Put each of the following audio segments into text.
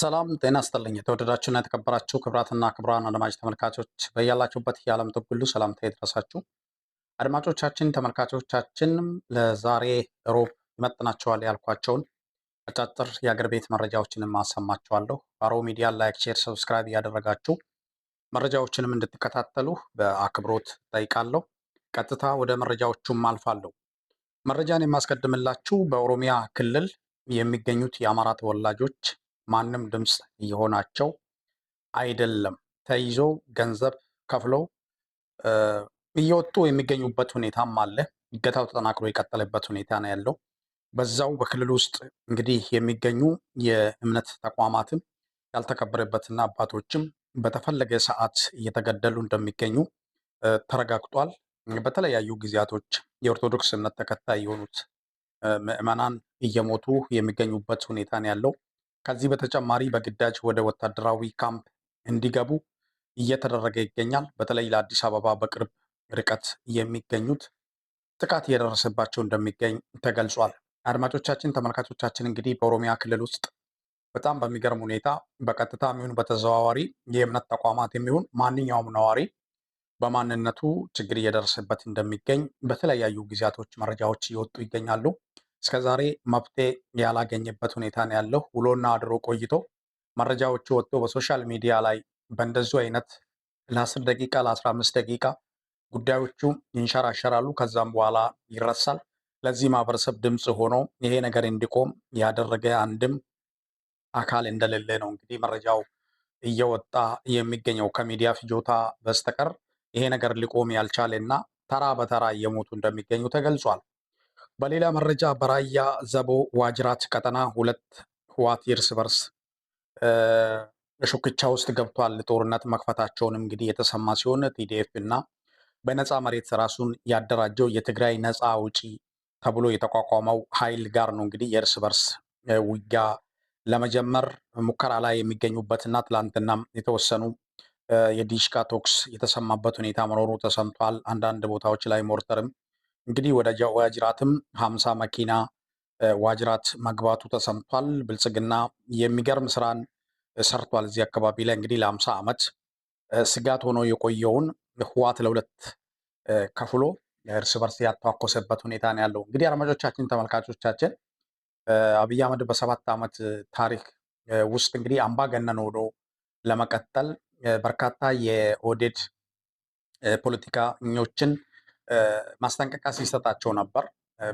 ሰላም ጤና ይስጥልኝ። የተወደዳችሁና የተከበራችሁ ክብራትና ክብራን አድማጭ ተመልካቾች በያላችሁበት የዓለም ጥግ ሁሉ ሰላምታ ይድረሳችሁ። አድማጮቻችን ተመልካቾቻችን፣ ለዛሬ ሮብ ይመጥናቸዋል ያልኳቸውን አጫጭር የአገር ቤት መረጃዎችንም አሰማችኋለሁ። ባሮ ሚዲያ ላይክ፣ ሼር፣ ሰብስክራይብ እያደረጋችሁ መረጃዎችንም እንድትከታተሉ በአክብሮት ጠይቃለሁ። ቀጥታ ወደ መረጃዎቹም አልፋለሁ። መረጃን የማስቀድምላችሁ በኦሮሚያ ክልል የሚገኙት የአማራ ተወላጆች ማንም ድምፅ እየሆናቸው አይደለም። ተይዞ ገንዘብ ከፍለው እየወጡ የሚገኙበት ሁኔታም አለ። እገታው ተጠናክሮ የቀጠለበት ሁኔታ ነው ያለው። በዛው በክልል ውስጥ እንግዲህ የሚገኙ የእምነት ተቋማትም ያልተከበረበትና አባቶችም በተፈለገ ሰዓት እየተገደሉ እንደሚገኙ ተረጋግጧል። በተለያዩ ጊዜያቶች የኦርቶዶክስ እምነት ተከታይ የሆኑት ምዕመናን እየሞቱ የሚገኙበት ሁኔታ ነው ያለው። ከዚህ በተጨማሪ በግዳጅ ወደ ወታደራዊ ካምፕ እንዲገቡ እየተደረገ ይገኛል። በተለይ ለአዲስ አበባ በቅርብ ርቀት የሚገኙት ጥቃት እየደረሰባቸው እንደሚገኝ ተገልጿል። አድማጮቻችን፣ ተመልካቾቻችን እንግዲህ በኦሮሚያ ክልል ውስጥ በጣም በሚገርም ሁኔታ በቀጥታ የሚሆን በተዘዋዋሪ የእምነት ተቋማት የሚሆን ማንኛውም ነዋሪ በማንነቱ ችግር እየደረሰበት እንደሚገኝ በተለያዩ ጊዜያቶች መረጃዎች እየወጡ ይገኛሉ። እስከዛሬ መፍትሄ ያላገኘበት ሁኔታ ነው ያለው። ውሎና አድሮ ቆይቶ መረጃዎቹ ወጥቶ በሶሻል ሚዲያ ላይ በእንደዚሁ አይነት ለአስር ደቂቃ ለአስራ አምስት ደቂቃ ጉዳዮቹ ይንሸራሸራሉ። ከዛም በኋላ ይረሳል። ለዚህ ማህበረሰብ ድምፅ ሆኖ ይሄ ነገር እንዲቆም ያደረገ አንድም አካል እንደሌለ ነው እንግዲህ መረጃው እየወጣ የሚገኘው ከሚዲያ ፍጆታ በስተቀር ይሄ ነገር ሊቆም ያልቻለ እና ተራ በተራ እየሞቱ እንደሚገኙ ተገልጿል። በሌላ መረጃ በራያ ዘቦ ዋጅራት ቀጠና ሁለት ህዋት የእርስ በርስ ሹክቻ ውስጥ ገብቷል። ጦርነት መክፈታቸውንም እንግዲህ የተሰማ ሲሆን ቲዲኤፍ እና በነፃ መሬት ራሱን ያደራጀው የትግራይ ነፃ አውጪ ተብሎ የተቋቋመው ኃይል ጋር ነው እንግዲህ የእርስ በርስ ውጊያ ለመጀመር ሙከራ ላይ የሚገኙበትና ትላንትና የተወሰኑ የዲሽቃ ቶክስ የተሰማበት ሁኔታ መኖሩ ተሰምቷል። አንዳንድ ቦታዎች ላይ ሞርተርም እንግዲህ ወደ ዋጅራትም ሀምሳ መኪና ዋጅራት መግባቱ ተሰምቷል። ብልጽግና የሚገርም ስራን ሰርቷል። እዚህ አካባቢ ላይ እንግዲህ ለአምሳ ዓመት ስጋት ሆኖ የቆየውን ህዋት ለሁለት ከፍሎ እርስ በርስ ያተዋኮሰበት ሁኔታ ነው ያለው። እንግዲህ አድማጮቻችን፣ ተመልካቾቻችን አብይ አህመድ በሰባት ዓመት ታሪክ ውስጥ እንግዲህ አምባገነን ሆኖ ለመቀጠል በርካታ የኦዴድ ፖለቲከኞችን ማስጠንቀቂያ ሲሰጣቸው ነበር።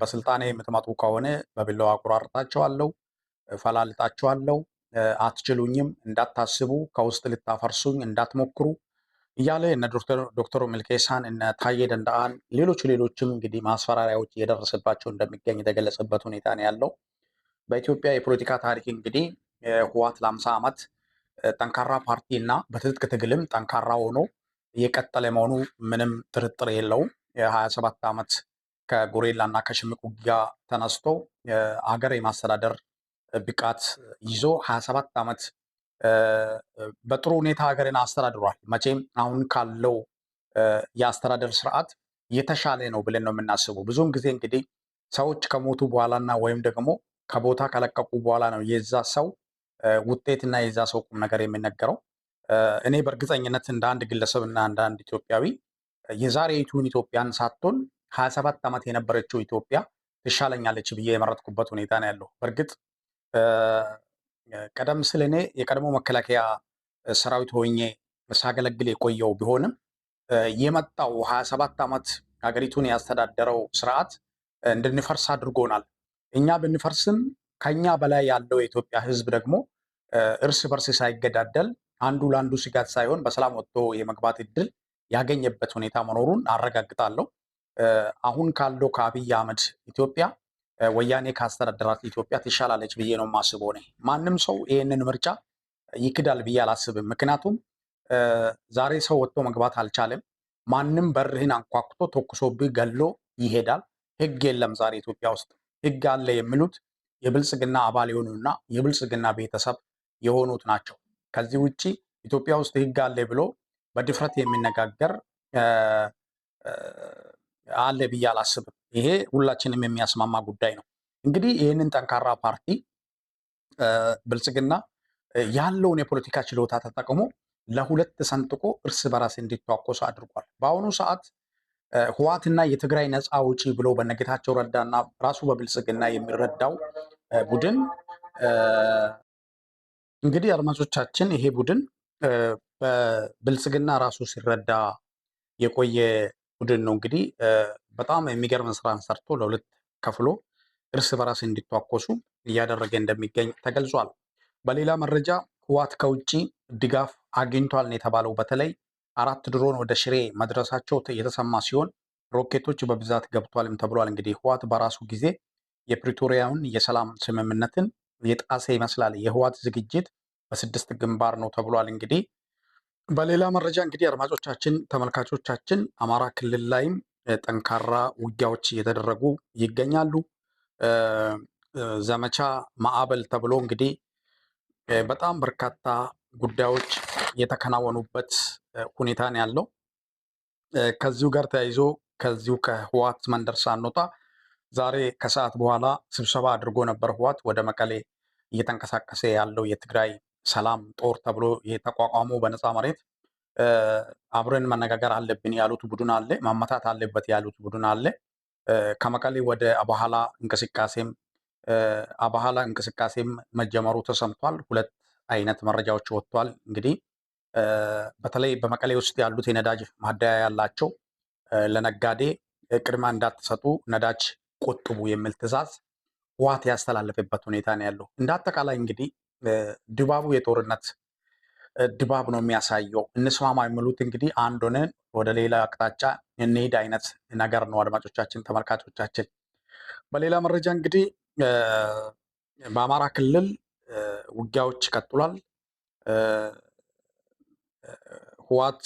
በስልጣኔ የምትመጡ ከሆነ በቢላዋ አቆራርጣቸዋለሁ፣ ፈላልጣቸዋለሁ፣ አትችሉኝም፣ እንዳታስቡ፣ ከውስጥ ልታፈርሱኝ እንዳትሞክሩ እያለ እነ ዶክተር ሚልኬሳን እነ ታዬ ደንዳአን ሌሎች ሌሎችም እንግዲህ ማስፈራሪያዎች እየደረሰባቸው እንደሚገኝ የተገለጸበት ሁኔታ ነው ያለው። በኢትዮጵያ የፖለቲካ ታሪክ እንግዲህ ህዋት ለአምሳ ዓመት ጠንካራ ፓርቲ እና በትጥቅ ትግልም ጠንካራ ሆኖ የቀጠለ መሆኑ ምንም ጥርጥር የለውም። የ27 ዓመት ከጎሬላ እና ከሽምቅ ውጊያ ተነስቶ ሀገር የማስተዳደር ብቃት ይዞ 27 ዓመት በጥሩ ሁኔታ ሀገርን አስተዳድሯል። መቼም አሁን ካለው የአስተዳደር ስርዓት የተሻለ ነው ብለን ነው የምናስበው። ብዙውን ጊዜ እንግዲህ ሰዎች ከሞቱ በኋላና ወይም ደግሞ ከቦታ ከለቀቁ በኋላ ነው የዛ ሰው ውጤትና የዛ ሰው ቁም ነገር የሚነገረው። እኔ በእርግጠኝነት እንደ አንድ ግለሰብ እና እንደ አንድ ኢትዮጵያዊ የዛሬቱን ኢትዮጵያን ሳትሆን ሀያ ሰባት ዓመት የነበረችው ኢትዮጵያ ትሻለኛለች ብዬ የመረጥኩበት ሁኔታ ነው ያለው። በእርግጥ ቀደም ስል እኔ የቀድሞ መከላከያ ሰራዊት ሆኜ ሳገለግል የቆየው ቢሆንም የመጣው ሀያ ሰባት ዓመት ሀገሪቱን ያስተዳደረው ስርዓት እንድንፈርስ አድርጎናል። እኛ ብንፈርስም ከኛ በላይ ያለው የኢትዮጵያ ሕዝብ ደግሞ እርስ በርስ ሳይገዳደል አንዱ ለአንዱ ስጋት ሳይሆን በሰላም ወጥቶ የመግባት እድል ያገኘበት ሁኔታ መኖሩን አረጋግጣለሁ። አሁን ካለው ከአብይ አህመድ ኢትዮጵያ ወያኔ ካስተዳደራት ኢትዮጵያ ትሻላለች ብዬ ነው የማስበው። እኔ ማንም ሰው ይህንን ምርጫ ይክዳል ብዬ አላስብም። ምክንያቱም ዛሬ ሰው ወጥቶ መግባት አልቻለም። ማንም በርህን አንኳኩቶ ተኩሶብህ ገሎ ይሄዳል። ህግ የለም ዛሬ ኢትዮጵያ ውስጥ። ህግ አለ የሚሉት የብልጽግና አባል የሆኑና የብልጽግና ቤተሰብ የሆኑት ናቸው። ከዚህ ውጭ ኢትዮጵያ ውስጥ ህግ አለ ብሎ በድፍረት የሚነጋገር አለ ብዬ አላስብም። ይሄ ሁላችንም የሚያስማማ ጉዳይ ነው። እንግዲህ ይህንን ጠንካራ ፓርቲ ብልጽግና ያለውን የፖለቲካ ችሎታ ተጠቅሞ ለሁለት ሰንጥቆ እርስ በራስ እንዲተዋቆሱ አድርጓል። በአሁኑ ሰዓት ህዋትና የትግራይ ነፃ አውጪ ብሎ በነጌታቸው ረዳና ራሱ በብልጽግና የሚረዳው ቡድን እንግዲህ አድማጮቻችን ይሄ ቡድን በብልጽግና ራሱ ሲረዳ የቆየ ቡድን ነው። እንግዲህ በጣም የሚገርም ስራን ሰርቶ ለሁለት ከፍሎ እርስ በራስ እንዲታኮሱ እያደረገ እንደሚገኝ ተገልጿል። በሌላ መረጃ ህዋት ከውጭ ድጋፍ አግኝቷል የተባለው። በተለይ አራት ድሮን ወደ ሽሬ መድረሳቸው የተሰማ ሲሆን ሮኬቶች በብዛት ገብቷልም ተብሏል። እንግዲህ ህዋት በራሱ ጊዜ የፕሪቶሪያውን የሰላም ስምምነትን የጣሰ ይመስላል። የህዋት ዝግጅት በስድስት ግንባር ነው ተብሏል። እንግዲህ በሌላ መረጃ እንግዲህ አድማጮቻችን፣ ተመልካቾቻችን አማራ ክልል ላይም ጠንካራ ውጊያዎች እየተደረጉ ይገኛሉ። ዘመቻ ማዕበል ተብሎ እንግዲህ በጣም በርካታ ጉዳዮች የተከናወኑበት ሁኔታ ነው ያለው። ከዚሁ ጋር ተያይዞ ከዚሁ ከህዋት መንደር ሳንወጣ ዛሬ ከሰዓት በኋላ ስብሰባ አድርጎ ነበር ህዋት ወደ መቀሌ እየተንቀሳቀሰ ያለው የትግራይ ሰላም ጦር ተብሎ የተቋቋመው በነፃ መሬት አብረን መነጋገር አለብን ያሉት ቡድን አለ። ማመታት አለበት ያሉት ቡድን አለ። ከመቀሌ ወደ አባህላ እንቅስቃሴም አባህላ እንቅስቃሴም መጀመሩ ተሰምቷል። ሁለት አይነት መረጃዎች ወጥቷል። እንግዲህ በተለይ በመቀሌ ውስጥ ያሉት የነዳጅ ማደያ ያላቸው ለነጋዴ ቅድሚያ እንዳትሰጡ ነዳጅ ቆጥቡ የሚል ትዕዛዝ ህወሓት ያስተላለፈበት ሁኔታ ነው ያለው። እንደ አጠቃላይ እንግዲህ ድባቡ የጦርነት ድባብ ነው የሚያሳየው። እንስማማ የሚሉት እንግዲህ አንድ ሆነን ወደ ሌላ አቅጣጫ እንሄድ አይነት ነገር ነው። አድማጮቻችን፣ ተመልካቾቻችን በሌላ መረጃ እንግዲህ በአማራ ክልል ውጊያዎች ቀጥሏል። ህዋት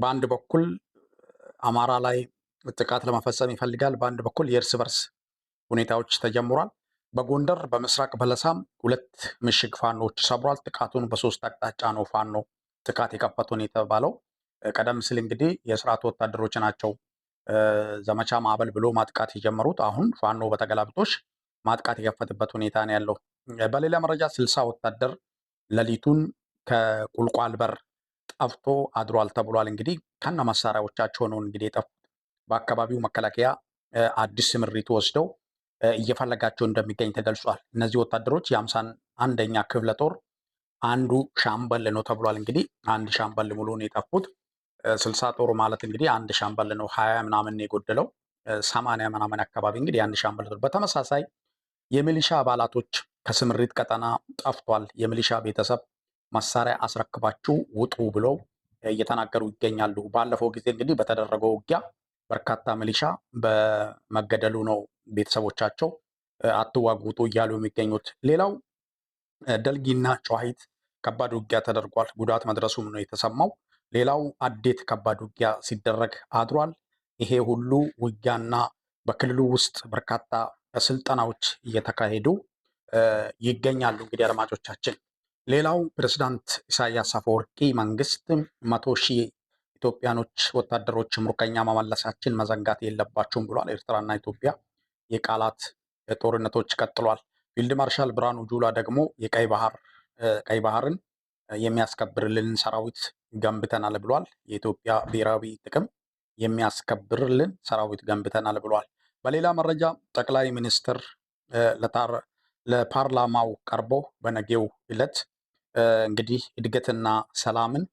በአንድ በኩል አማራ ላይ ጥቃት ለመፈጸም ይፈልጋል፣ በአንድ በኩል የእርስ በርስ ሁኔታዎች ተጀምሯል። በጎንደር በምስራቅ በለሳም ሁለት ምሽግ ፋኖች ሰብሯል። ጥቃቱን በሶስት አቅጣጫ ነው ፋኖ ጥቃት የከፈቱን የተባለው። ቀደም ሲል እንግዲህ የስርዓት ወታደሮች ናቸው ዘመቻ ማዕበል ብሎ ማጥቃት የጀመሩት። አሁን ፋኖ በተገላብጦች ማጥቃት የከፈትበት ሁኔታ ነው ያለው። በሌላ መረጃ ስልሳ ወታደር ሌሊቱን ከቁልቋል በር ጠፍቶ አድሯል ተብሏል። እንግዲህ ከነ መሳሪያዎቻቸው ነው እንግዲህ የጠፉት። በአካባቢው መከላከያ አዲስ ስምሪት ወስደው እየፈለጋቸው እንደሚገኝ ተገልጿል። እነዚህ ወታደሮች የአምሳን አንደኛ ክፍለ ጦር አንዱ ሻምበል ነው ተብሏል። እንግዲህ አንድ ሻምበል ሙሉን የጠፉት ስልሳ ጦሩ ማለት እንግዲህ አንድ ሻምበል ነው። ሀያ ምናምን የጎደለው ሰማንያ ምናምን አካባቢ እንግዲህ አንድ ሻምበል ጦር። በተመሳሳይ የሚሊሻ አባላቶች ከስምሪት ቀጠና ጠፍቷል። የሚሊሻ ቤተሰብ መሳሪያ አስረክባችሁ ውጡ ብለው እየተናገሩ ይገኛሉ። ባለፈው ጊዜ እንግዲህ በተደረገው ውጊያ በርካታ ሚሊሻ በመገደሉ ነው ቤተሰቦቻቸው አትዋጉጡ እያሉ የሚገኙት። ሌላው ደልጊና ጨዋሂት ከባድ ውጊያ ተደርጓል። ጉዳት መድረሱም ነው የተሰማው። ሌላው አዴት ከባድ ውጊያ ሲደረግ አድሯል። ይሄ ሁሉ ውጊያና በክልሉ ውስጥ በርካታ ስልጠናዎች እየተካሄዱ ይገኛሉ። እንግዲህ አድማጮቻችን፣ ሌላው ፕሬዝዳንት ኢሳያስ አፈወርቂ መንግስት መቶ ሺህ ኢትዮጵያኖች ወታደሮች ምርኮኛ መመለሳችን መዘንጋት የለባቸውም ብሏል። ኤርትራና ኢትዮጵያ የቃላት ጦርነቶች ቀጥሏል። ፊልድ ማርሻል ብርሃኑ ጁላ ደግሞ የቀይ ባህር ቀይ ባህርን የሚያስከብርልን ሰራዊት ገንብተናል ብሏል። የኢትዮጵያ ብሔራዊ ጥቅም የሚያስከብርልን ሰራዊት ገንብተናል ብሏል። በሌላ መረጃ ጠቅላይ ሚኒስትር ለፓርላማው ቀርቦ በነጌው ዕለት እንግዲህ እድገትና ሰላምን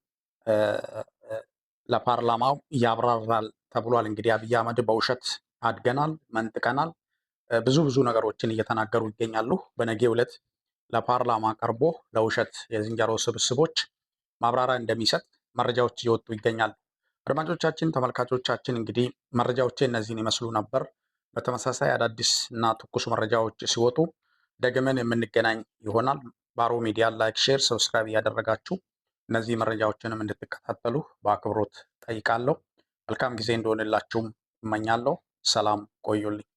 ለፓርላማው ያብራራል ተብሏል። እንግዲህ አብይ አህመድ በውሸት አድገናል፣ መንጥቀናል፣ ብዙ ብዙ ነገሮችን እየተናገሩ ይገኛሉ። በነጌ ዕለት ለፓርላማ ቀርቦ ለውሸት የዝንጀሮ ስብስቦች ማብራሪያ እንደሚሰጥ መረጃዎች እየወጡ ይገኛሉ። አድማጮቻችን፣ ተመልካቾቻችን እንግዲህ መረጃዎች እነዚህን ይመስሉ ነበር። በተመሳሳይ አዳዲስ እና ትኩስ መረጃዎች ሲወጡ ደግመን የምንገናኝ ይሆናል። ባሮ ሚዲያ ላይክ፣ ሼር፣ ሰብስክራይብ እያደረጋችሁ እነዚህ መረጃዎችንም እንድትከታተሉ በአክብሮት ጠይቃለሁ። መልካም ጊዜ እንደሆንላችሁም እመኛለሁ። ሰላም ቆዩልኝ።